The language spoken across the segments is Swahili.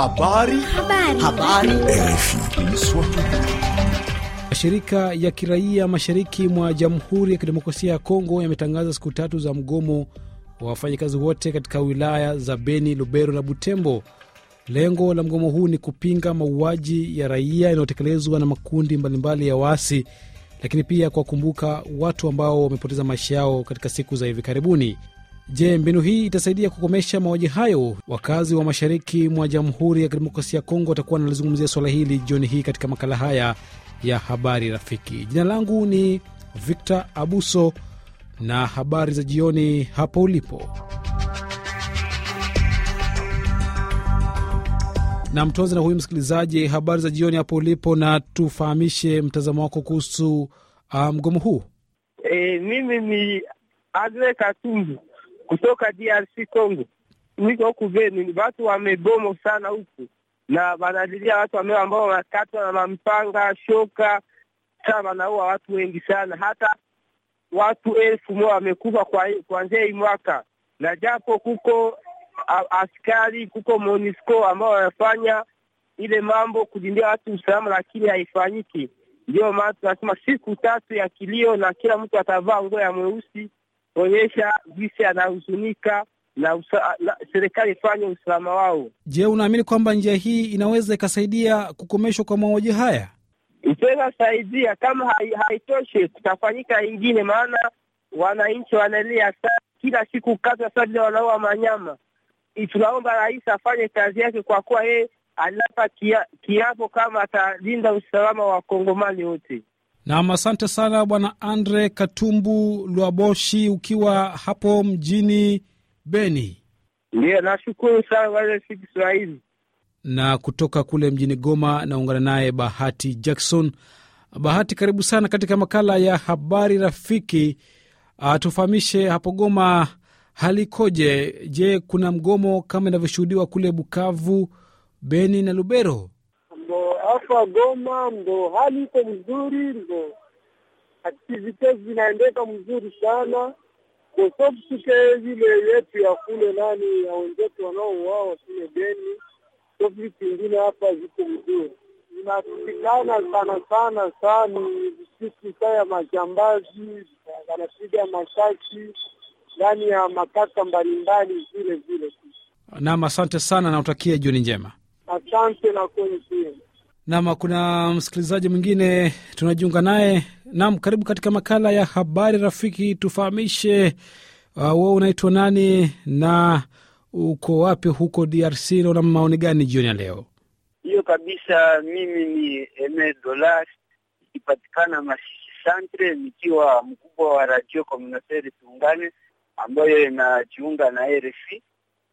Habari. Habari. Habari. Mashirika ya kiraia mashariki mwa Jamhuri ya Kidemokrasia ya Kongo yametangaza siku tatu za mgomo wa wafanyakazi wote katika wilaya za Beni, Lubero na Butembo. Lengo la mgomo huu ni kupinga mauaji ya raia yanayotekelezwa na makundi mbalimbali ya waasi, lakini pia kuwakumbuka watu ambao wamepoteza maisha yao katika siku za hivi karibuni. Je, mbinu hii itasaidia kukomesha mauaji hayo? Wakazi wa mashariki mwa Jamhuri ya Kidemokrasia ya Kongo watakuwa wanalizungumzia suala hili jioni hii katika makala haya ya Habari Rafiki. Jina langu ni Victor Abuso na habari za jioni hapo ulipo. nam tuanze na huyu msikilizaji, habari za jioni hapo ulipo, na tufahamishe mtazamo wako kuhusu ah, mgomo um, huu. E, mimi ni agle Katumbu kutoka DRC Congo, niko kuveni, watu wamebomo sana huku na wanalilia watu wame ambao wanakatwa na mampanga shoka sana, wanaua watu wengi sana, hata watu elfu moja wamekufa kuanzia hii mwaka, na japo kuko askari kuko MONUSCO ambao wanafanya ile mambo kulindia watu usalama, lakini haifanyiki. Ndio maana tunasema siku tatu ya kilio, na kila mtu atavaa nguo ya mweusi kuonyesha jinsi anahuzunika na, usa, na serikali ifanye usalama wao. Je, unaamini kwamba njia hii inaweza ikasaidia kukomeshwa kwa mauaji haya? Itaweza saidia, kama haitoshi hai kutafanyika ingine, maana wananchi wanalia kila siku kata sabila wanaua manyama. Tunaomba rais afanye kazi yake, kwa kuwa yeye anapa kiapo kama atalinda usalama wa Kongomani wote. Nam, asante sana bwana Andre Katumbu Lwaboshi, ukiwa hapo mjini Beni. Ndiyo, nashukuru sana RFI Kiswahili. Na kutoka kule mjini Goma naungana naye Bahati Jackson. Bahati, karibu sana katika makala ya habari rafiki. Ah, tufahamishe hapo Goma hali ikoje? Je, kuna mgomo kama inavyoshuhudiwa kule Bukavu, Beni na Lubero? hapa Goma ndo hali iko mzuri, ndo aktivite zinaendeka mzuri sana kosobsike vile yetu ya kule nani ya wenzetu wanaouawa kule Beni vitu ingine hapa ziko mzuri, zinapitikana sana sana sana siku saa ya majambazi wanapiga masaki ndani ya makata mbalimbali vile vile. Naam, asante sana na utakie jioni njema. Asante na kwenye nam kuna msikilizaji mwingine tunajiunga naye nam karibu katika makala ya habari rafiki tufahamishe uh, unaitwa nani na uko wapi huko drc naona maoni gani jioni ya leo hiyo kabisa mimi ni eme dolar ikipatikana masisi santre nikiwa mkubwa wa radio communateri tuungane ambayo inajiunga na rf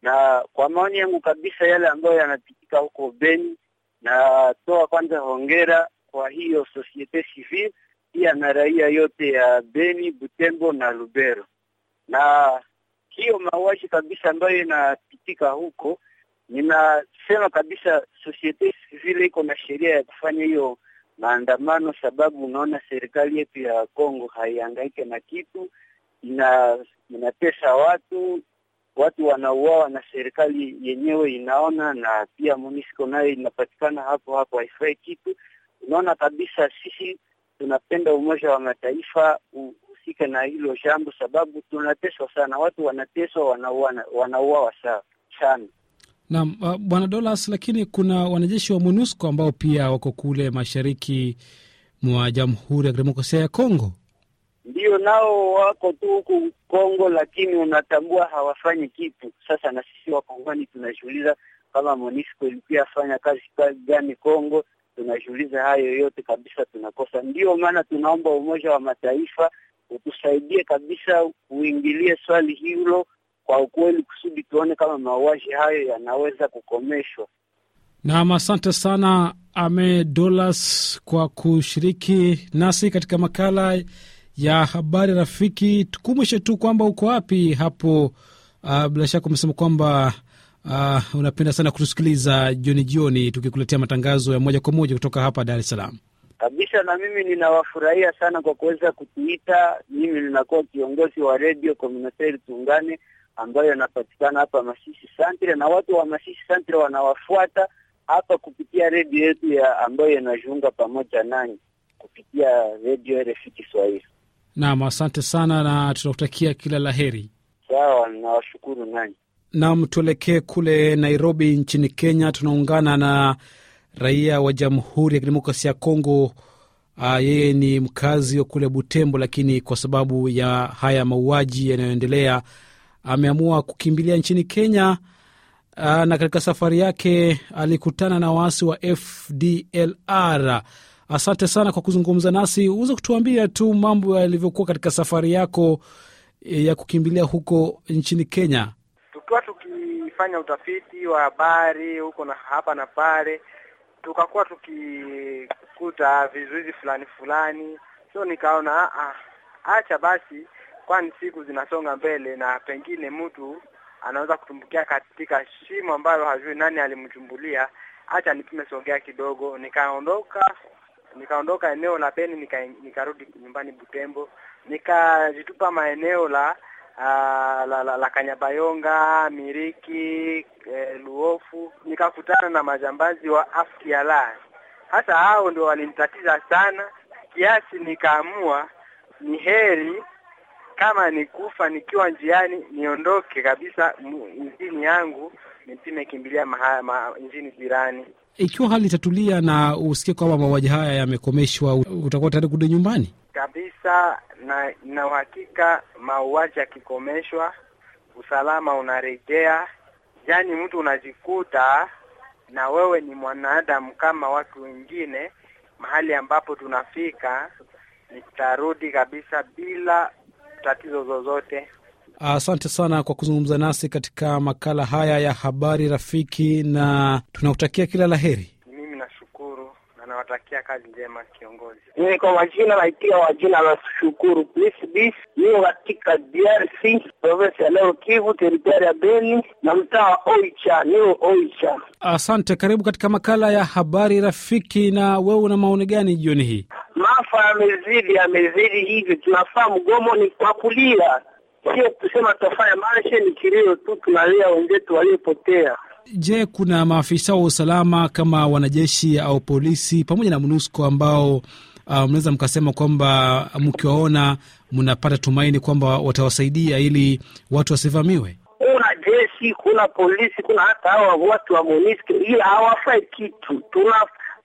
na kwa maoni yangu kabisa yale ambayo yanapitika huko beni Natoa kwanza hongera kwa hiyo societe civile, pia na raia yote ya Beni, Butembo na Lubero, na hiyo mauaji kabisa ambayo inapitika huko. Ninasema kabisa societe civile iko na sheria ya kufanya hiyo maandamano, sababu unaona serikali yetu ya Kongo haihangaike na kitu, ina inatesa watu watu wanauawa na serikali yenyewe inaona, na pia MONUSCO nayo inapatikana hapo hapo, haifai kitu. Unaona kabisa sisi tunapenda Umoja wa Mataifa uhusike na hilo jambo, sababu tunateswa sana, watu wanateswa, wanauawa sana. Naam, uh, Bwana Dolas, lakini kuna wanajeshi wa MONUSCO ambao pia wako kule mashariki mwa Jamhuri ya Kidemokrasia ya Kongo ndio nao wako tu huku Kongo, lakini unatambua hawafanyi kitu. Sasa na sisi wakongomani tunajiuliza kama MONUSCO ilikuwa afanya kazi gani Kongo? Tunajiuliza hayo yote kabisa, tunakosa. Ndio maana tunaomba Umoja wa Mataifa utusaidie kabisa, uingilie swali hilo kwa ukweli, kusudi tuone kama mauaji hayo yanaweza kukomeshwa. Nam, asante sana Ame Dolas kwa kushiriki nasi katika makala ya habari rafiki. Tukumbushe tu kwamba uko wapi hapo. Uh, bila shaka umesema kwamba uh, unapenda sana kutusikiliza jioni jioni, tukikuletea matangazo ya moja kwa moja kutoka hapa Dar es Salaam kabisa. Na mimi ninawafurahia sana kwa kuweza kutuita. Mimi ninakuwa kiongozi wa redio Komuniteri Tuungane ambayo yanapatikana hapa Masisi Santre, na watu wa Masisi Santre wanawafuata hapa kupitia redio yetu ya ambayo inajiunga pamoja nanyi kupitia redio RFI Kiswahili. Naam, asante sana na tunakutakia kila la heri. Sawa, nawashukuru nanyi. Naam, tuelekee kule Nairobi nchini Kenya. Tunaungana na raia wa Jamhuri ya Kidemokrasia ya Kongo. Uh, yeye ni mkazi wa kule Butembo, lakini kwa sababu ya haya mauaji yanayoendelea ameamua kukimbilia nchini Kenya. Uh, na katika safari yake alikutana na waasi wa FDLR Asante sana kwa kuzungumza nasi. Uweze kutuambia tu mambo yalivyokuwa katika safari yako e, ya kukimbilia huko nchini Kenya. Tukiwa tukifanya utafiti wa habari huko na hapa na pale, tukakuwa tukikuta vizuizi fulani fulani, so nikaona ah, ah basi, kwani siku zinasonga mbele na pengine mtu anaweza kutumbukia katika shimo ambayo hajui nani alimchumbulia. hacha nipime songea kidogo. Nikaondoka nikaondoka eneo la Beni nika, nikarudi nyumbani Butembo, nikajitupa maeneo la Uh, la, la, la Kanyabayonga, Miriki, eh, Luofu, nikakutana na majambazi wa Afkiala. Hata hao ndio walinitatiza sana, kiasi nikaamua ni heri kama ni kufa nikiwa njiani, niondoke kabisa injini yangu, nisimekimbilia ma, injini jirani. Ikiwa hali itatulia na usikie kwamba mauaji haya yamekomeshwa, utakuwa tayari kurudi nyumbani kabisa, na na uhakika mauaji yakikomeshwa, usalama unarejea, yaani mtu unajikuta na wewe ni mwanadamu kama watu wengine. Mahali ambapo tunafika nitarudi kabisa bila tatizo zozote. Asante sana kwa kuzungumza nasi katika makala haya ya habari rafiki, na tunakutakia kila la heri. Mimi nashukuru na nawatakia kazi njema kiongozi. Mimi kwa majina naitia wa jina la Shukuru niyo katika DRC ya leo Kivu, teritari ya Beni na mtaa Oicha, niyo Oicha. Asante, karibu katika makala ya habari rafiki. Na wewe una maoni gani jioni hii? maafa yamezidi, yamezidi hivi. Tunafaa mgomo ni kwa kulia, sio kusema tutafanya marshe. Ni kilio tu, tunalia wenzetu waliopotea. Je, kuna maafisa wa usalama kama wanajeshi au polisi pamoja na MONUSCO ambao uh, mnaweza mkasema kwamba mkiwaona mnapata tumaini kwamba watawasaidia ili watu wasivamiwe? Kuna jeshi, kuna polisi, kuna hata hawa watu wa MONUSCO, ila hawafai kitu. Tuna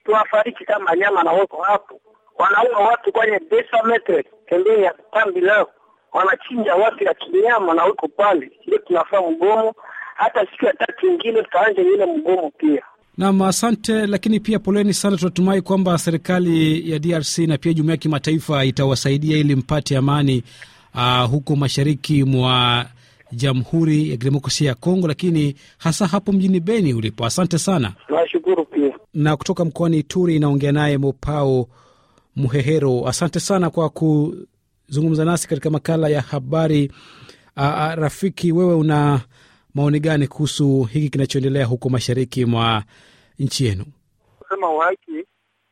tunafariki kama nyama na wako hapo wanaua watu kwenye desametre pembeni ya kambi lao, wanachinja watu ya kinyama, na huko pale ndio tunafaa mgomo. Hata siku ya tatu ingine tutaanja ile mgomo pia. Nam, asante. Lakini pia poleni sana, tunatumai kwamba serikali ya DRC na pia jumuiya ya kimataifa itawasaidia ili mpate amani uh, huko mashariki mwa Jamhuri ya Kidemokrasia ya Kongo, lakini hasa hapo mjini Beni ulipo. Asante sana, nashukuru pia. Na kutoka mkoani Ituri inaongea naye Mopao Muhehero, asante sana kwa kuzungumza nasi katika makala ya habari aa, rafiki. Wewe una maoni gani kuhusu hiki kinachoendelea huko mashariki mwa nchi yenu? Kusema uhaki,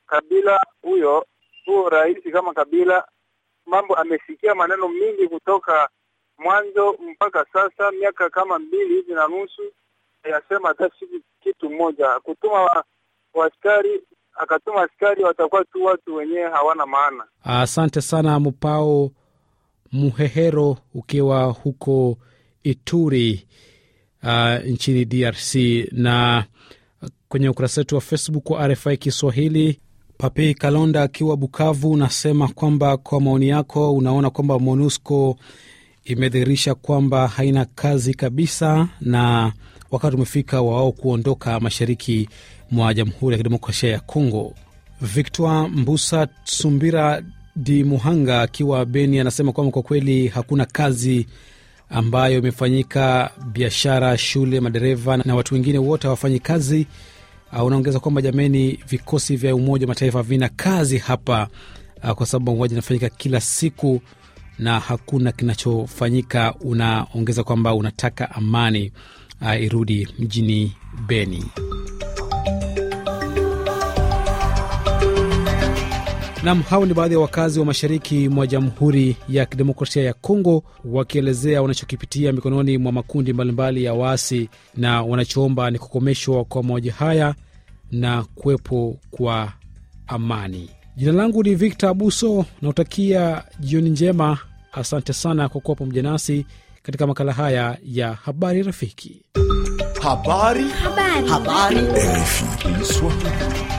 Kabila huyo huo rahisi kama Kabila, mambo amesikia maneno mingi kutoka mwanzo mpaka sasa, miaka kama mbili hivi na nusu, yasema hata siku kitu moja kutuma waskari akatuma askari, watakuwa tu watu wenyewe hawana maana. Asante sana Mupao Muhehero, ukiwa huko Ituri uh, nchini DRC. Na kwenye ukurasa wetu wa Facebook wa RFI Kiswahili, Papi Kalonda akiwa Bukavu unasema kwamba kwa maoni yako unaona kwamba MONUSCO imedhihirisha kwamba haina kazi kabisa na wakati umefika wa wao kuondoka mashariki mwa Jamhuri ya Kidemokrasia ya Kongo. Victor Mbusa Sumbira di Muhanga akiwa Beni anasema kwamba kwa kweli hakuna kazi ambayo imefanyika, biashara, shule, madereva na watu wengine wote hawafanyi kazi. Ah, unaongeza kwamba jameni, vikosi vya Umoja wa Mataifa vina kazi hapa, ah, kwa sababu mauaji inafanyika kila siku na hakuna kinachofanyika. Unaongeza kwamba unataka amani ah, irudi mjini Beni. Nam, hao ni baadhi ya wakazi wa mashariki mwa Jamhuri ya Kidemokrasia ya Kongo wakielezea wanachokipitia mikononi mwa makundi mbalimbali ya waasi, na wanachoomba ni kukomeshwa kwa mauaji haya na kuwepo kwa amani. Jina langu ni Victor Abuso, nautakia jioni njema. Asante sana kwa kuwa pamoja nasi katika makala haya ya habari rafiki. Habari. Habari. Habari. Habari.